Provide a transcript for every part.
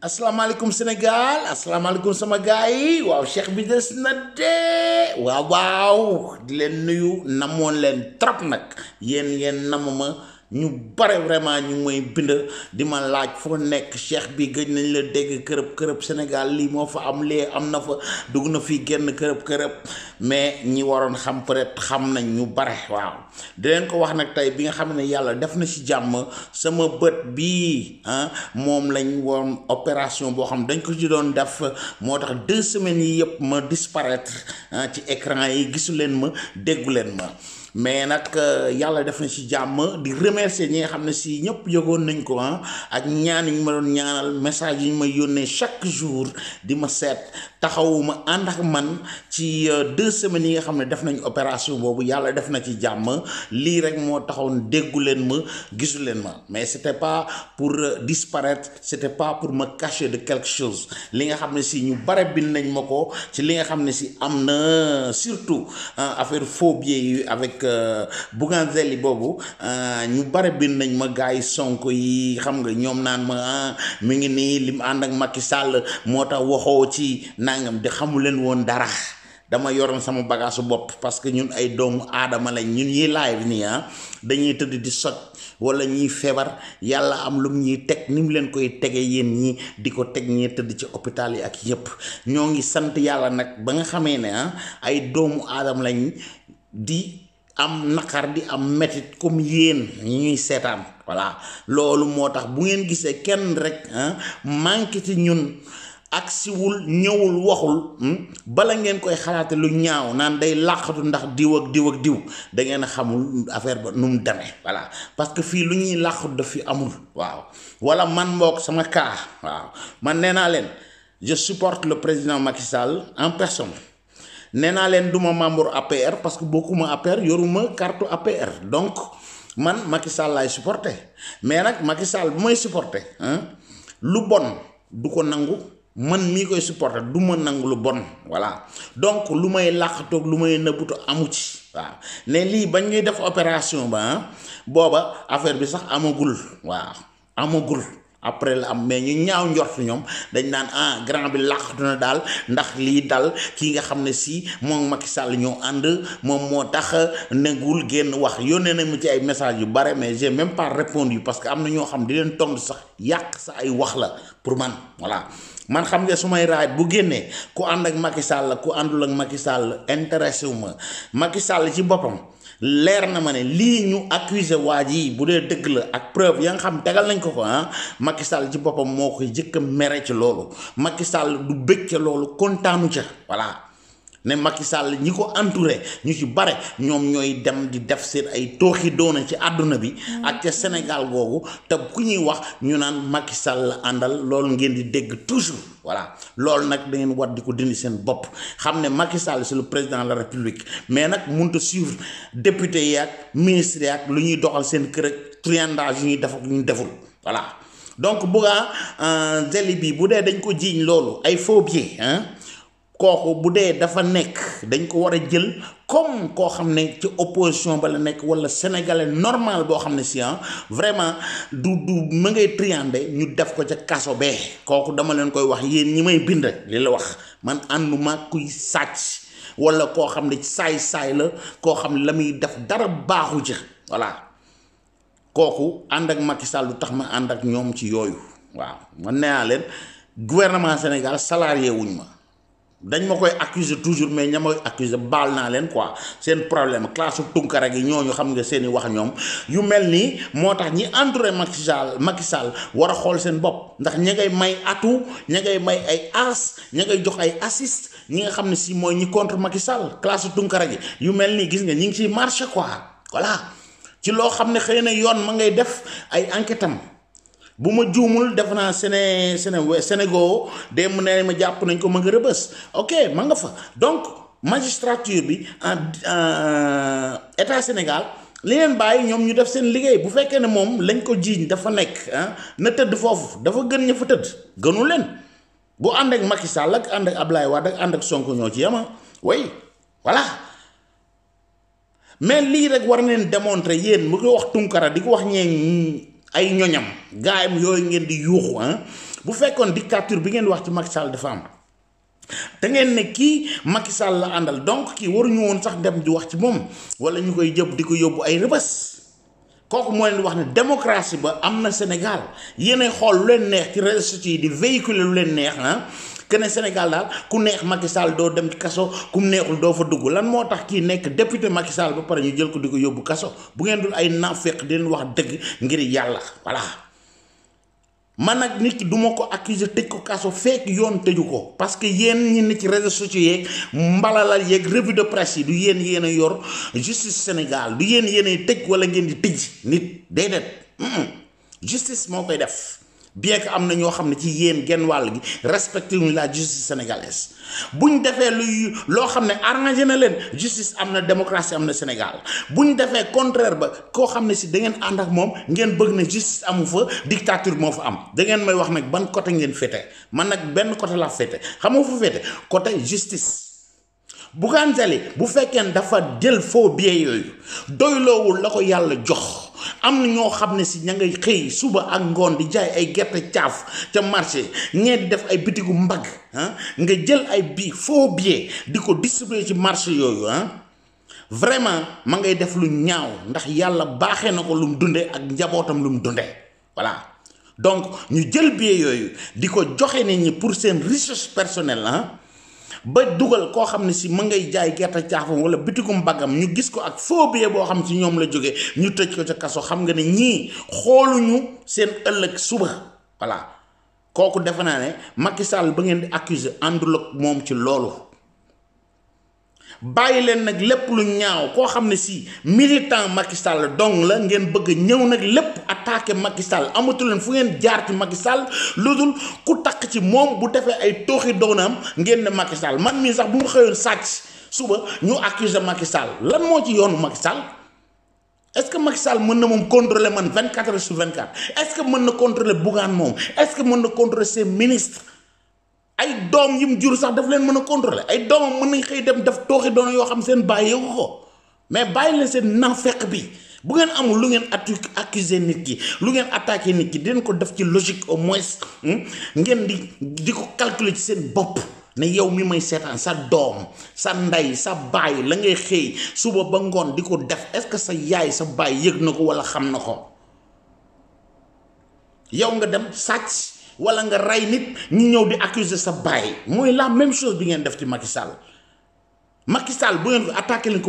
asalaamaaleykum Sénégal asalaamaaleykum sama gars yi waaw cheikh bi des na waaw waaw di leen nuyu namoon leen trop nag yéen yéen namm ma ñu bare vraiment ñu mooy bind di ma laaj foo nekk cheikh bi gëj nañ la dégg kërëb kërëb Sénégal lii moo fa am lee am na fa dugg na fii genn kërëb kërëb mais ñi waroon xam peut xam nañ ñu bare waaw di leen ko wax nag tey bi nga xam ne yàlla def na ci jàmm sama bët bii ah moom lañ woon opération boo xam ne dañ ko ci doon def moo tax deux semaines yi yëpp ma disparaître ci écran yi gisu leen ma déggu leen ma mais nag euh, yàlla def na si jàmm di remercier ñi nga xam ne si ñëpp yëgoon nañ ko ah ak ñaan yu ñu ma doon ñaanal message yu ñu may yónnee chaque jour di ma seet taxawuma ànd ak man ci euh, deux semaines yi nga xam ne def nañu opération boobu yàlla def na ci jàmm lii rek moo taxaw déggu leen ma gisu leen ma mais c'était pas pour euh, disparaître c'était pas pour ma cacher de quelque chose li nga xam ne sii ñu bare bi nañ ma ko ci li nga xam ne si am na surtout affaire phobie Bougazelli boobu euh, ñu bare bind nañ ma gars yi Sonko yi xam nga ñoom naan ma ah, mu ngi nii lim ànd ak Macky Sall moo tax waxoo ci nangam di xamu leen woon dara dama yoroon sama bagaasu bopp parce que ñun ay doomu aadama lañ ñun yi live nii ah, dañuy tëdd di soj wala ñuy feebar yàlla am lum teg ni leen koy tege yéen ñi di ko teg ñee tëdd ci hôpital yi ak yépp ñoo ngi sant yàlla nag ba nga xamee ne ah ay doomu aadama lañ di am naqar di am métit comme yéen ñi ñuy seetaan voilà loolu moo tax bu ngeen gisee kenn rek manqué ci ñun ak siwul ñëwul waxul hmm, bala ngeen koy xalaate lu ñaaw naan day làqatu ndax diw ak diw ak diw da ngeen xamul affaire ba nu mu demee voilà parce que fii lu ñuy làqatu daf fi amul waaw wala man mbook sama kaa waaw man nee naa leen je supporte le président Macky en personne nee naa leen du ma membre APR parce que bokkuma APR yoruma carte APR donc man Macky Sall laay supporté mais nag Macky Sall bu may supporté lu bon du ko nangu man mii koy supporté du ma nangu lu bon voilà donc lu may toog lu may nëbbutu amu ci waaw ne lii bañ ñuy def opération ba booba affaire bi sax amagul waa amagul. après la am mais ñu ñaaw njort ñoom dañ naan ah grand bi làqatu na daal ndax lii dal kii nga xam ne si moom Macky Sall ñoo ànd moom moo tax nangul génn wax yónnee nañ mu ci ay message yu bare mais j'ai même pas répondu parce que am na ñoo xam di leen tontu sax yàq sa ay wax la pour man voilà man xam nga su may raay bu génnee ku ànd ak Macky Sall ku àndul ak Macky Sall intéressé wu ma Macky Sall ci boppam. leer na ma ne lii ñu accuser waa ji bu dee dëgg la ak preuve ya nga xam tegal nañ ko ko ah Macky Sall ci boppam moo koy jëkk a mere ci loolu Macky Sall du bëgg ca loolu kontaanu ca voilà ne Macky Sall ñi ko entouré ñu ci bare ñom ñoy dem di def seen ay toxi doona ci aduna bi ak ca Sénégal gogou te ku ñi wax ñu naan Macky Sall andal lool ngeen di dégg toujours voilà lool nak da ngeen wad diko ko dindi seen bopp xam Macky Sall c'est le président de la République mais nak mënut a suivre député yak ministre yak ak lu ñuy doxal seen kër ak triandage yu ñuy def ak ñu deful voilà donc bu buggaa euh, délit bi bu dé dañ ko jiñ loolu ay faux biais hein kooku bu dee dafa nek dañ ko wara a jël comme koo xam ci opposition ba la wala sénégalais normal boo xam ne si ah, vraiment du du ma ngay triande ñu def ko ca kaso bee kooku dama leen koy wax yéen ñi may bind li la wax man ànduma kuy sàcc wala koo xam ne saay saay la koo xam ne la muy def dara baaxu ja voilà kooku andak ak Macky Sall lu tax ma ànd ak ñoom ci yooyu waaw man nee gouvernement Sénégal salarié wuñ ma dañ ma koy accuser toujours mais ña may accuser baal naa leen quoi seen problème classe tunkara gi ñooñu xam nga seni wax yu mel ni, moo tax ñi entouré Macky Sall Macky Sall war a xool ndax may atu nyagai may ay as nyagai ngay jox ay assist ñi nga xam si mooy ñi contre Macky Sall classe tunkara gi yu mel ni gis nga ñi ngi ciy marché quoi voilà ci loo xam na yoon ma ngay def ay enquête buma jumul juumul def naa Séné Séné Sénégal dem ne ma jàpp nañ ko ma nga rëbës ok ma nga fa donc magistrature bi en état Sénégal li leen bàyyi ñoom ñu def seen liggéey bu fekkee ne moom lañ ko jiiñ dafa nekk ah, na tëdd foofu dafa gën ña fa bu ànd ak Macky Sall ak ànd ak Ablaye Wade ak ànd ak Sonko ñoo ci yema ah. way voilà mais lii rek war démontrer mu wax Tunkara di ko wax ay ñoñam gaayam yooyu ngeen di yuuxu ah bu fekkoon dictature bi ngeen wax ci Macky Sall dafa am te ngeen ne kii Macky Sall la àndal donc kii waruñu woon sax dem di wax ci moom wala ñu koy jëpp di ko yóbbu ay rëbës kooku moo leen wax ne démocratie ba am na Sénégal yéenay xool lu leen neex ci réseaux sociaux yi di véhiculer lu leen neex ah. ne Sénégal daal ku neex Macky Sall doo dem kaso ku neexul doo fa dugg lan moo tax kii nekk député Macky Sall ba pare ñu jël ko di ko yóbbu kaso bu ngeen dul ay naafeq di leen wax dëgg ngir yàlla voilà. man nag nit ki duma ko accuser tëj ko kaso fekk yoon tëju ko parce que yéen ñi nit ci réseaux sociaux yeeg mbalalal yeeg revue de presse yi du yéen yéen a yor justice Sénégal du yéen yéen a tëj wala ngeen di tëj nit déedéet justice moo koy def. bien que am na ñoo xam ne ci yéen genn wàll gi respecté wuñ la justice sénégalaise buñ defee luy loo xam ne arrangé na leen justice am na démocratie am na Sénégal buñ defee contraire ba koo xam ne si da ngeen ànd ak moom ngeen bëgg ne justice amu fa dictature moo fa am da ngeen may wax nag ban côté ngeen féete man nag benn côté la féete xam nga fu féete côté justice. Bougane Dany bu fekkee dafa jël faux billets yooyu doyloowul la ko yàlla jox. am na ñoo xam ne si ña ngay xëy suba ak ngoon di jaay ay gerte caaf ca marché ñee def ay bitigu mbagg ah nga jël ay bi faux billets di ko distribuer ci marché yooyu ah vraiment ma ngay def lu ñaaw ndax yàlla baaxee na ko lu mu dundee ak njabootam lu mu dundee voilà donc ñu jël billet yooyu di ko joxe nit ñi pour seen richesse personnel ah ba dugal koo xam ne si ma ngay jaay gerte caafam wala bitigum baggam ñu gis ko ak foo phobie boo xam ne si ñoom la jóge ñu tëj ko ca kaso xam nga ne ñii xooluñu seen ëllëg suba voilà kooku defe naa ne Macky Sall ba ngeen di accuser àndul moom ci loolu bàyyi leen nag lépp lu ñaaw koo xam ne si militant Macky Sall dong la ngeen bëgg ñëw nag lépp attaqué Macky Sall amatu leen fu ngeen jaar ci Macky Sall lu dul ku takk ci moom bu defee ay tooxi am ngeen ne Macky man mii sax bu mu xëyoon sàcc suba ñu accuser Macky Sall lan moo ci yoonu Macky Sall est-ce que Macky Sall mën na moom contrôler man 24 heures sur 24 est-ce que mën na contrôler Bougane moom est-ce que mën na contrôler ses ministres. ay doom yu mu jur sax daf leen mën a contrôler ay doomam mën nañ xëy dem daf tooxi doona yoo xam seen bàyyi yëgu ko mais bàyyi leen seen feq bi bu ngeen amul lu ngeen atu accuser nit ki lu ngeen attaqué nit ki dinañ ko def ci logique au moins hmm, ngeen di di ko calculer ci seen bopp ne yow mi may seetaan sa doom sa ndey sa baay la ngay xëy suba ba ngoon di ko def est-ce que sa yaay sa baay yëg na ko walla xam na ko yow nga dem sàcc wala nga ray nit ñu di accuser sa bay. la même chose bi ngeen def ci Macky Sall Macky Sall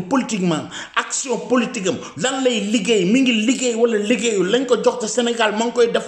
politiquement action politique am lan lay liggéey mi ngi liggéey wala liggéeyu ko jox Sénégal mang koy def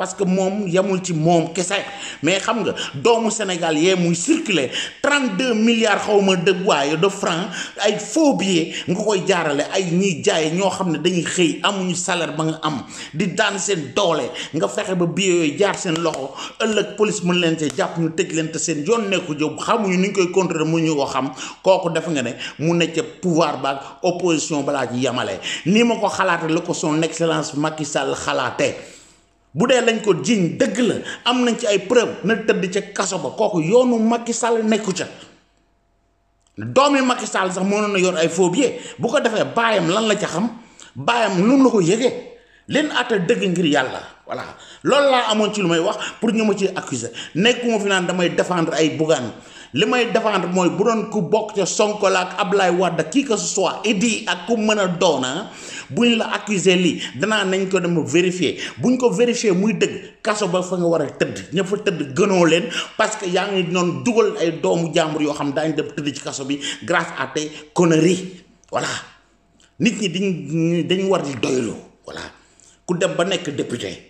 parce que moom yamul ci moom kese mais xam nga doomu Sénégal yee muy circuler 32 milliards xaw ma de waaye de franc ay faux billets nga koy jaarale ay ñiy jaay ñoo xam ne dañuy xëy amuñu salaire ba nga am di daan seen doole nga fexe ba billets yooyu jaar seen loxo ëllëg police mën leen see jàpp ñu tëj leen te seen yoon nekku jóg xamuñu ni ñu koy contrôler mu ñu ko xam kooku def nga ne mu ne ca pouvoir baag opposition balaa ci yamale ni ma ko xalaate la ko son excellence Macky Sall xalaate bu dee lañ ko jiiñ dëgg la am nañ ci ay preuve na tëdd ca kaso ba kooku yoonu Macky Sall nekku ca doomi makki Sall sax mënoon na yoon ay phobie bu ko defee baayam lan la ca xam baayam lu la ko yëgee leen atta dëgg ngir yàlla voilà loolu laa amoon ci lu may wax pour ñu ma ci accuser nekkuma fi naan damay défendre ay Bougane li may défendre mooy bu doon ku bokk ca Sonko la ak Ablaye Wade qui que ce soit idi ak ku mën a ah, buñ la accuser lii danaa nañ ko dem vérifier buñ ko vérifier muy dëgg kaso ba fa nga war a tëdd ña fa tëdd non leen parce que yaa ngi noonu dugal ay doomu jàmbur yoo xam daañu dem tëdd ci kaso bi grâce à tes conneries voilà nit ñi dañ dañ war di doylu voilà ku dem ba député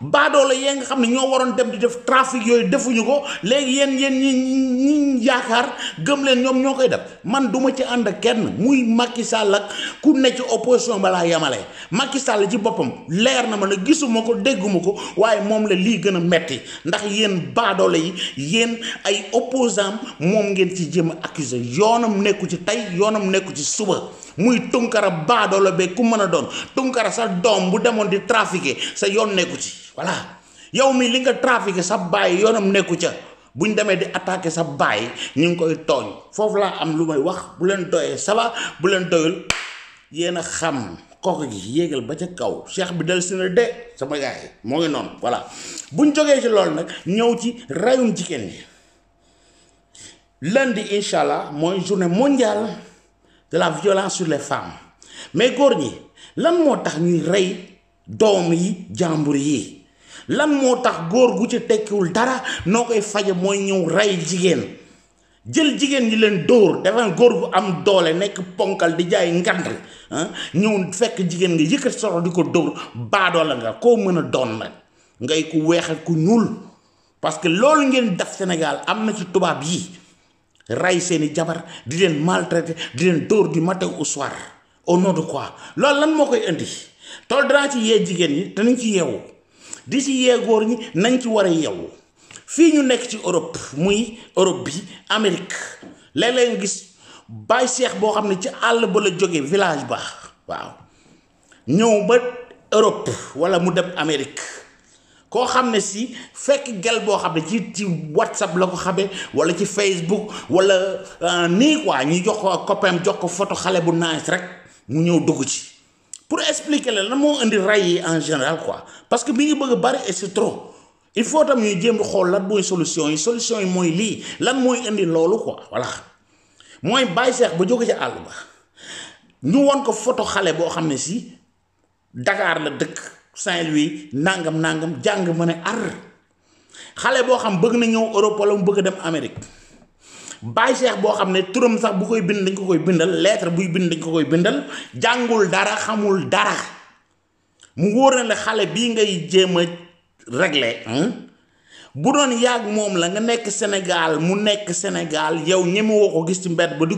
baadoola yee nga xam ne ñoo waroon dem di def trafic yooyu defuñu ko léegi yéen yéen ñi ñi yaakaar gëm leen ñoom ñoo koy def man duma ci ànd ak kenn muy Macky sàll ak ku ne ci opposition balaa yemale Macky Sall ci boppam leer na ma ne gisuma ko dégguma ko waaye moom la lii gën a metti ndax yéen baadoole yi yéen ay opposant moom ngeen ci jéem a accuser yoonam nekku ci tey yoonam nekku ci suba muy tunkara baadoola be ku mën a doon tunkara sa doom bu demoon di trafiquer sa yoon nekku ci voilà yow mi li nga sabai, sa baay yoonam nekku ca buñ demee di attaqué sa baay ñu ngi koy tooñ foofu laa am lu may wax bu leen doyee saba bu leen doyul yéen xam kooku gi yéegal ba ca kaw cheikh bi del si na sama gars yi moo ngi noonu voilà buñ jógee ci loolu nag ñëw ci rayum jigéen ñi lundi incha allah journée mondiale de la violence sur les femmes mais góor ñi lan moo tax ñuy doom yi yi lan moo tax góor gu ci tekkiwul dara noo koy faje mooy ñëw rey jigéen jël jigéen ñi leen dóor dafa góor gu am doole nekk ponkal di jaay ngand ñëw fekk jigéen nga yëkkat soro di ko dóor baadoo nga koo mën a doon nag ngay ku weex ak ku ñuul parce que loolu ngeen def Sénégal am na ci tubaab yi rey seeni jabar di leen maltraité di leen dóor du matin au soir au nom de quoi loolu lan moo koy indi tool danaa ci yee jigéen ñi danañ ci yeewu di ci yee ñi nañ ci war a yeewu fii ñu nekk ci Europe muy Europe bi Amérique léeg-léeg gis baay seex boo xam ne ci àll ba la jóge village ba waaw ñëw ba Europe walla mu dem Amérique koo xam ne si fekk gel boo xam ne ci ci whatsapp la ko xamee walla ci facebook walla euh, nii quoi ñi jox ko copain jox ko photo xale bu nice rek mu ñëw dugg ci pour expliquer le lan de indi en général parce que mi que bëgg et c'est trop il faut que nous solution une solution yi li lan mooy indi quoi voilà Moi je ba je ci ba Nous won ko photo que Dakar Saint-Louis nangam nangam ar xam bëgg Europe Amérique. bay cheikh boo xam turum turam sax bu koy bind dañ ko koy bindal lettre buy bind dañ ko koy bindal jàngul dara xamul dara mu wóor na la xale bii ngay jéem a régler bu doon yàgg moom la nga nekk sénégal mu nekk sénégal yow ñeme woo ko gis ci mbedd ba di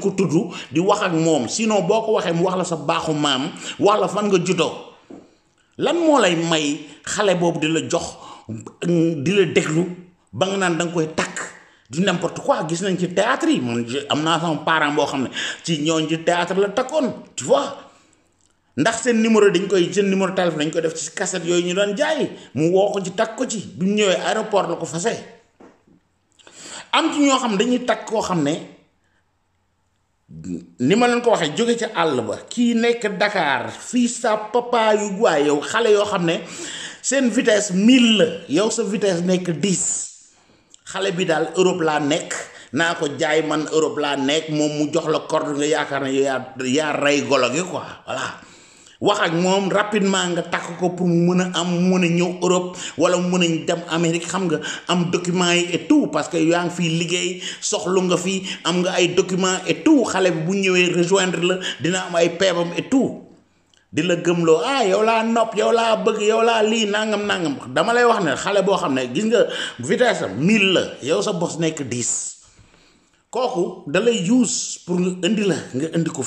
di wax ak mu wax la sa wax la fan nga lan moo lay may xale boobu di la jox di la déglu ba nga koy tak du n'importe quoi gis nañ ci théâtre yi man am naa sama parent boo xam ne ci ñooñ ci théâtre la takkoon tu vois ndax seen numéro dañ koy seen numéro téléphone dañ koy def ci cassette yooyu ñu doon jaay mu woo ko ci takk ko ci bi ñëwee aéroport la ko fase am ci ñoo xam dañuy takk koo xam ne ni ma leen ko waxee jóge ci àll ba kii nekk Dakar fii sa papa yu guwaay yow xale yoo xam ne seen vitesse mille la yow sa vitesse nekk dix xale bi daal Europe laa nekk naa ko jaay man Europe laa nekk moom mu jox la corde nga yaakaar ne yaa yaa rey golo gi quoi voilà wax ak moom rapidement nga takk ko pour mu mën a am mu mën a ñëw Europe wala mu mën a dem Amérique xam nga am documents yi et tout parce que yaa ngi fii liggéey soxlu nga fi am nga ay documents et tout xale bi bu ñëwee rejoindre la dina am ay peebam et tout. di la lo, ah yow laa nopp yow li bëgg yow laa lii nangam nangam dama lay wax ne xale boo xam ne gis nga vitesse am la yow sa da lay use pour nga indi la nga ko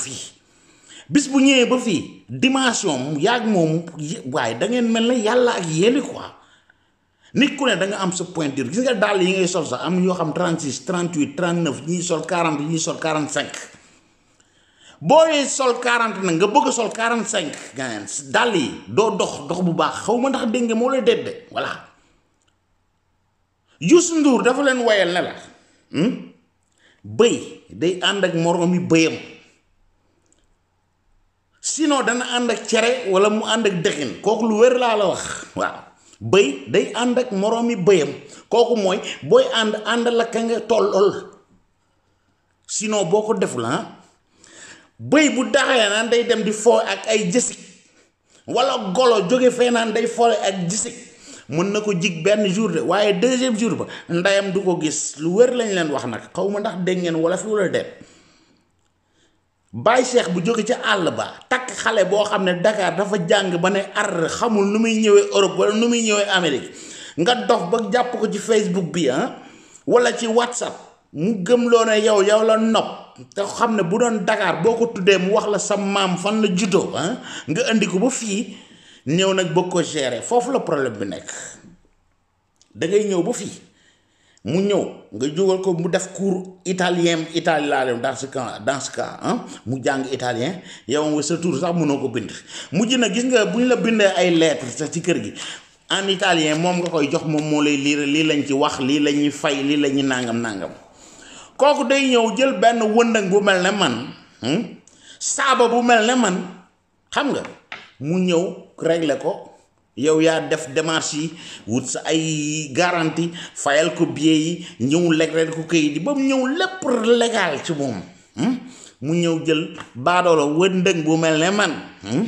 bis bu ñëwee ba fii dimension yaag moom waaye da ngeen mel ne ak quoi nit ku ne da nga am sa point dur gis nga dàll yi ngay sol am yoo xam 36 38 39 karam sol 40 ñiy sol 45 booyee sol 40 nag nga bëgg a sol 45 gaan dàll yi doo dox dox bu baax xaw ma ndax dégg nga moo la dédde voilà Youssou Ndour dafa leen woyal ne la hmm? day ànd ak moroom yi dana ànd ak cere walla mu ànd ak dëxin kooku lu wér laa la wax waaw bëy day ànd ak moroom yi bëyam kooku mooy booy ànd ànd la ka nga tollol sinon boo ko deful ah bëy bu daxee naan day dem di foo ak ay jësik wala golo jóge fee naan day foo ak jësik mën na ko jig benn jour de waaye deuxième jour ba ndeyam du ko gis lu wér lañ leen wax nag xaw ma ndax dégg ngeen wala fi wala deet Cheikh bu jóge ci àll ba takk xale boo xam ne Dakar dafa jàng ba ne ar xamul nu muy ñëwee Europe wala nu muy ñëwee Amérique nga dox ba jàpp ko ci Facebook bi ah wala ci WhatsApp mu gëm lo ne yow yow la nopp te xam ne bu doon Dakar boo ko mu wax la sa maam fan la juddoo ah nga andi ko ba fii ñëw nag bëgg ko gérer foofu la problème bi nekk da ngay ñëw ba fii mu ñëw nga jógal ko mu def cours italien italien laa leen dans ce cas dans ce cas ah mu jàng italien yow nga sa tur sax mënoo ko bind mujj na gis nga bu ñu la bindee ay lettres sax ci kër gi en italien moom nga koy jox moom moo lay lire lii lañ ci wax lii la fay lii nangam nangam. kooku day ñëw jël benn wëndëng bu mel ne man hmm? saaba bu mel ne man xam nga mu ñëw regle ko yow yaa def démarche yi wut sa ay garanti fayal ko billet yi ñëw legrel ko këyit yi ba mu ñëw lépp légal ci moom hmm? mu ñëw jël baadoolo wëndëng bu mel ne man hmm?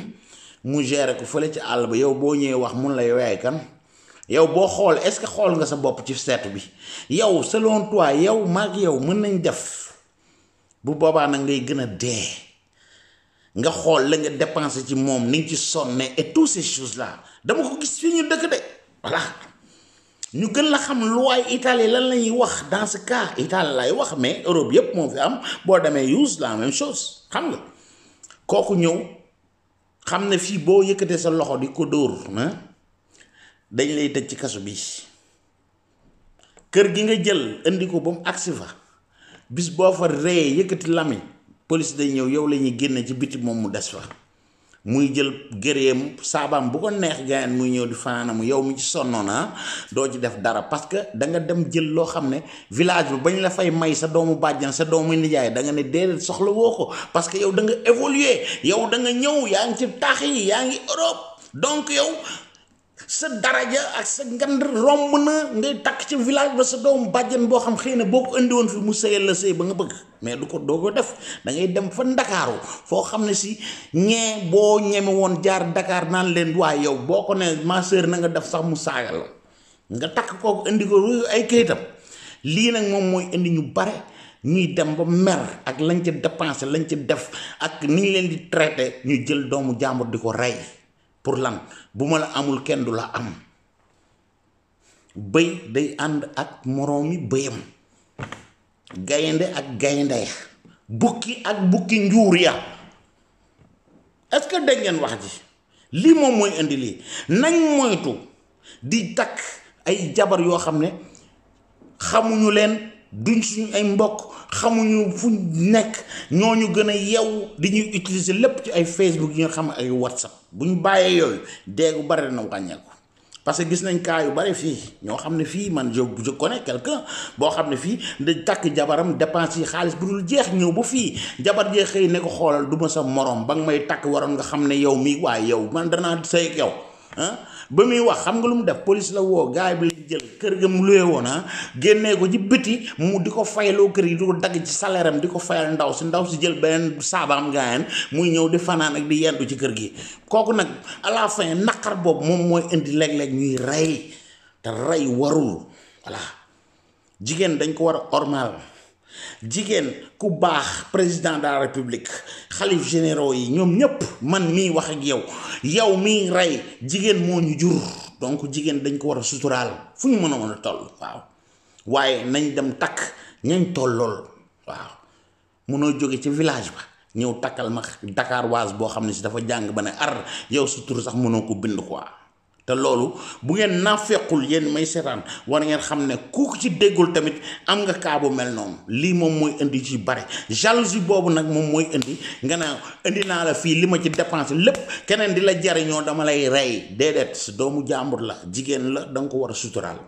mu gérer ko fële ci àll bi yow boo ñëwee wax mun la yow yaay kan yow boo xool est-ce que xool nga sa bopp ci seetu bi yow selon toi yow maag yow mën nañ def bu boobaa nag ngay gën a dee nga xool la nga dépensé ci moom ni nga ci sonne et toutes ces choses là dama ko gis fii ñu dëkk de voilà ñu gën la xam loi Italie lan la ñuy wax dans ce cas Italie lay wax mais Europe yëpp moo fi am boo demee use la même chose xam nga kooku ñëw xam ne fii boo yëkkatee sa loxo di ko dóor dañ lay tëj ci kaso bi kër gi nga jël indi ko ba mu fa bis boo fa reyee yëkkati lami police day ñëw yow la ñuy génne ci biti moom mu des fa muy jël gëreem saabaam bu ko neex gaayan muy ñëw di fanaanam yow mi ci sonnoon ah doo ci def dara parce que da nga dem jël loo xam ne village bi bañ la fay may sa doomu bàjjan sa doomu nijaay da nga ne déedéet soxla woo ko parce que yow da nga évoluer yow da nga ñëw yaa ngi ci taax yi yaa ngi Europe donc yow sa daraja ak sa ngand romb na ngay takk ci village ba sa doom bàjjan boo xam xëy na boo ko fi mu sëyal la sëy ba nga bëgg mais du ko doo def da ngay dem fa ndakaaru foo xam ne si ñee boo ñeme woon jaar Dakar nan leen waa yow boo ne ma sœur na nga def sax mu saaga la nga takk kooku indi ko ay kayitam li nag moom moy indi ñu bare ñuy dem ba mer ak lañ ca dépensé lañ ca def ak ni ñu leen di traité ñu jël doomu jàmbur di ko rey pour lan bu ma la amul kenn du la am bëy day ànd ak moroomi bëyam gaynde ak gaynde ya bukki ak bukki njuur ya est-ce ngeen wax ji lii moom mooy indi lii nañ moytu di takk ay jabar yoo xam ne xamuñu leen duñ suñu ay mbokk xamuñu fu nekk ñu gën a yew di ñuy utiliser lépp ci ay Facebook yi nga xam ay WhatsApp bu ñu bàyyee yooyu deegu bare na wàññeeku parce que gis nañ cas yu bari fii ñoo xam ne fii man jóg je connais quelqu'un boo xam ne fii da takk jabaram dépense yi xaalis bu dul jeex ñëw bu fii jabar jee xëy ne ko xoolal du ma sa moroom ba nga may takk waroon nga xam ne yow mii waaye yow man danaa sëy yow ah ba muy wax xam nga lu mu def police la woo gaay bi lañ jël kër ga mu luye woon ah génnee ko ci biti mu di ko fayloo kër yi di ko dagg ci salaire am di ko fayal ndaw si ndaw si jël beneen saabaam gaayan muy ñëw di fanaan ak di yendu ci kër gi kooku nag à la fin naqar boobu moom mooy indi léeg-léeg ñuy rey te rey warul voilà jigéen dañ ko war a ormal jigéen ku baax président de la république xalif généraux yi ñoom ñépp man mii wax ak yow yow mii rey jigéen moo ñu jur donc jigéen dañ ko war a suturaal fu ñu mën a mën a toll waaw waaye nañ dem takk ñañ tollool waaw munoo jóge ci village ba ñëw takkal ma Dakar waas boo xam ne si dafa jàng ba ne ar yow sutur sax mënoo ko bind ko quoi te loolu bu ngeen fekkul yéen may seetaan war ngeen xam ne ku ci déggul tamit am nga kaabu mel noonu lii moom mooy indi ci bare jalousie boobu nag moom mooy indi nga naa indi naa la fii li ma ci dépensé lépp keneen di la jariñoo dama lay rey déedéet si doomu jàmbur la jigéen la da ko war a suturaal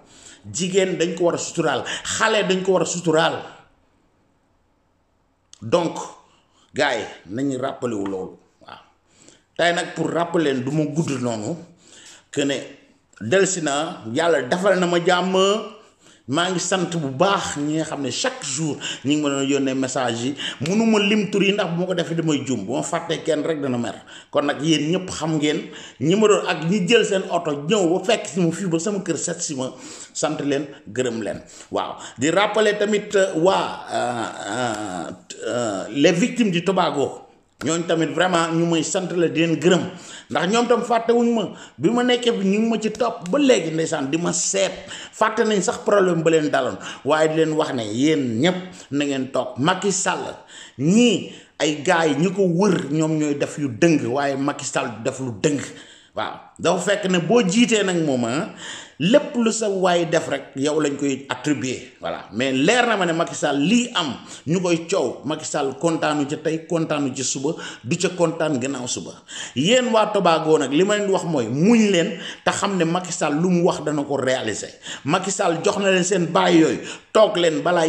jigéen dañ ko war a suturaal xale dañ ko war a suturaal donc gars yi nañu rappelé wu loolu waaw tey nag pour rappeler du ma gudd noonu. que ne delsi naa yàlla defal na ma jàmm maa ngi sant bu baax ñi nga xam ne chaque jour ñi ngi ma doon yónnee message yi mënuma lim tur yi ndax moo ma ko defee damay jum bu ma fàttee kenn rek dana mer kon nag yéen ñëpp xam ngeen ñi ma doon ak ñi jël seen oto ñëw ba fekk si ma fii ba sama kër set si ma sant leen gërëm leen waaw di rappeler tamit euh, waa euh, euh, les victimes di Tobago ñooñ tamit vraiment ñu may sant la di leen gërëm ndax ñoom tam fàttewuñ ma bi ma nekkee bi ñu ma ci topp ba léegi ndeysaan di ma seet fàtte nañ sax problème ba leen daloon waaye di leen wax ne yéen ñëpp na ngeen toog Macky Sall ñii ay gars yi ñu ko wër ñoom ñooy def yu dëng waaye Macky Sall def lu dëng waaw dafa fekk ne boo jiitee nag moom ah lépp lu sa waay def rek yow lañ koy attribuer voilà mais leer na mané ne Macky Sall lii am ñu koy coow Macky Sall kontaanu ca tey kontaanu ci suba du ca kontaan gannaaw suba yéen waa Tobago nag li ma leen wax mooy muñ leen te xam ne Macky Sall lu mu wax dana ko réaliser Macky Sall jox na leen seen baay yooyu toog leen balaa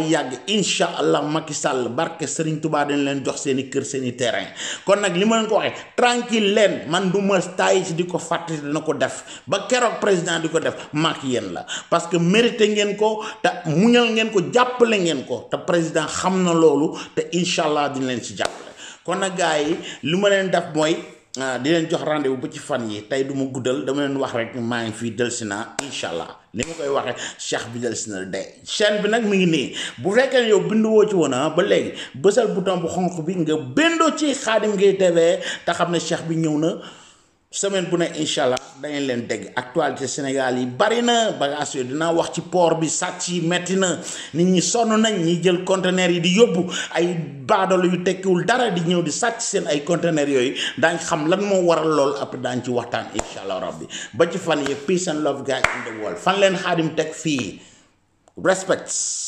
allah Macky Sall barke Serigne Touba dañ leen jox seen kër seen terrain kon nag li leen ko waxee tranquille leen man du ma ci di ko dana ko def ba keroog président di def mak yeen la parce que mérité ngeen ko ta muñal ngeen ko jàppale ngeen ko ta président xam na ta te inshallah dina len ci jàppale kon nag gars yi li ma leen def mooy ah, di leen jox rendez-vous ba ci fan yi tey du ma guddal dama leen wax rek maa ngi fi delsi naa ni ma koy waxee cheikh bi delsi na de chaîne bi nag mi ngi nii bu fekkee ne yow bindu woo ci woon ah, ba léegi bësal bouton bu xonq bi nga bindoo ci Khadim Gueye TV te xam cheikh bi ñëw na semaine bu ne incha allah da ngeen leen dégg actualité Sénégal yi bari na bagage yooyu dinaa wax ci port bi sàcc yi metti na nit ñi sonn nañ ñi jël conteneur yi di yóbbu ay baadolo yu tekkiwul dara di ñëw di sàcc seen ay conteneur yooyu daañ xam lan moo waral lool daañ ci waxtaan allah rabbi ba ci fan yi peace and love guys in the world fan leen xaadim teg fii respect